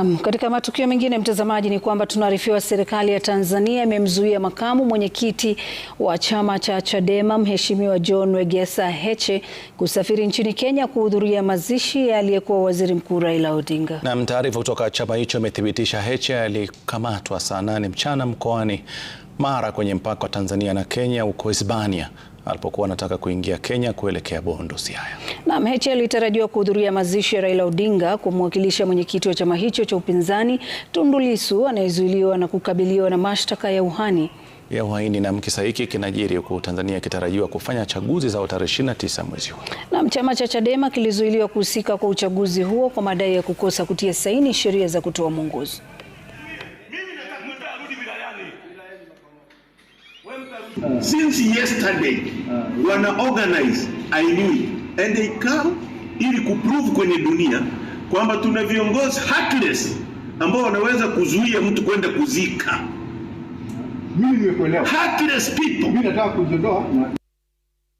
Um, katika matukio mengine mtazamaji, ni kwamba tunaarifiwa serikali ya Tanzania imemzuia makamu mwenyekiti wa chama cha Chadema Mheshimiwa John Wegesa Heche kusafiri nchini Kenya kuhudhuria mazishi ya aliyekuwa waziri mkuu Raila Odinga. Na taarifa kutoka chama hicho imethibitisha Heche alikamatwa saa nane mchana mkoani Mara kwenye mpaka wa Tanzania na Kenya huko Hispania alipokuwa anataka kuingia Kenya kuelekea Bondo, Siaya. Naam, Heche alitarajiwa kuhudhuria mazishi ya Raila Odinga kumwakilisha mwenyekiti wa chama hicho cha upinzani Tundu Lissu anayezuiliwa na kukabiliwa na mashtaka ya uhani ya uhaini. Na mkisa hiki kinajiri huku Tanzania ikitarajiwa kufanya chaguzi zao tarehe 29 mwezi huu. Naam, chama cha Chadema kilizuiliwa kuhusika kwa uchaguzi huo kwa madai ya kukosa kutia saini sheria za kutoa mwongozo. Since yesterday wana organize I knew it and they come ili kuprove kwenye dunia kwamba tuna viongozi heartless ambao wanaweza kuzuia mtu kwenda kuzika. Mimi nimekuelewa. Heartless people. Mimi nataka kujiondoa